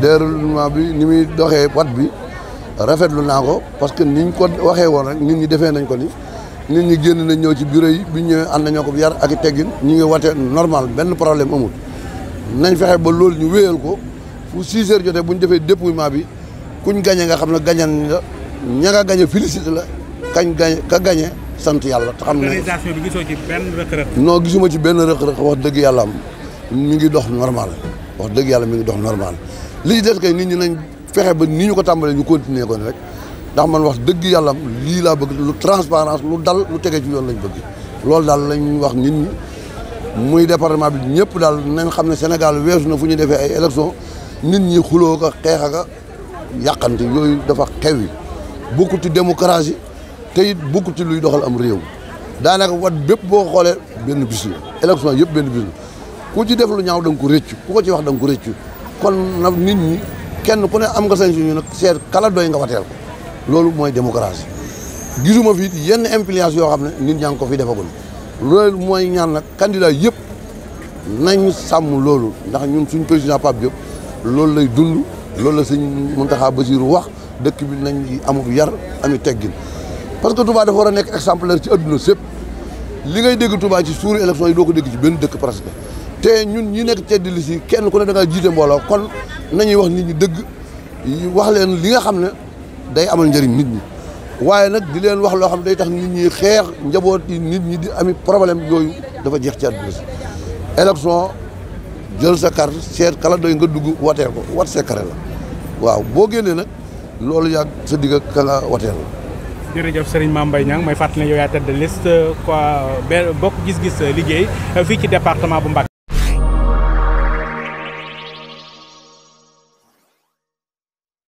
déroulement bi ni muy doxee wat bi rafetlu naa ko parce que niñ ko waxee woon rek nit ñi defee nañ ko ni nit ñi génn nañ ñëw ci bureau yi bi ñëwee ànd nañoo ko yar ak i teggin ñu ngi wate normal benn problème amul nañ fexe ba loolu ñu wéyal ko fu 6 heures jotee bu ñu defee dépouillement bi kuñ gañe nga xam ne gañan la ña nga gañe félicité la kañ gañe ka gañe sant yàlla te xam ne organisation bi gisoo gisuma ci benn rëq-rëq wax dëgg yàlla am ñu ngi dox normal. wax dëgg yàlla mi ngi dox normal li ci des kay nit ñi nañ fexe ba ni ñu ko tàmbalee ñu continuer ko rek ndax man wax dëgg yàlla lii laa bëgg lu transparence lu dal lu tege ci yoon lañ bëgg loolu daal lañ wax nit ñi muy département bi ñëpp daal nañ xam ne Sénégal weesu na fu ñu defee ay élection nit ñi xuloo ko xeex aka yàqante yooyu dafa xew yi bokku ci démocratie tey it ci luy doxal am réew daanaka wat bépp boo xoolee benn bis la élection yëpp benn bis ku ci def lu ñaaw da ko rëccu ku ko ci wax da nga ko kon nag nit ñi kenn ku ne am nga sañ suñu na seet kala doy nga wateel ko loolu mooy démocratie gisuma fi yenn influence yoo xam ne nit ñaa ngi ko fi defagul loolu mooy ñaan nag candidat yëpp nañ sàmm loolu ndax ñun suñ président Pape loolu lay dund loolu la sëñ Mountakha Bassirou wax dëkk bi nañ amul yar ami teggin parce que Touba dafa war a nekk exemplaire ci adduna sépp li ngay dégg Touba ci suuru élection yi doo ko dégg ci benn dëkk presque te ñun ñi nekk ci di si kenn ku ne da nga jiite mbooloo kon nañuy wax nit ñi dëgg wax leen li nga xam ne day amal njëriñ nit ñi waaye nag di leen wax loo xam ne day tax nit ñi xeex njaboot yi nit ñi di ami problème yooyu dafa jeex ci àdduna si élection jël sa carte seet kaladoy nga dugg watee ko wat sa carte la waaw boo génnee nag loolu yàgg sa digg ak kala watee la jërëjëf Serigne Mame Mbaye Niang may fàttali ne yow yaa tête de liste quoi bokk gis-gis liggéey fii ci département bu Mbacké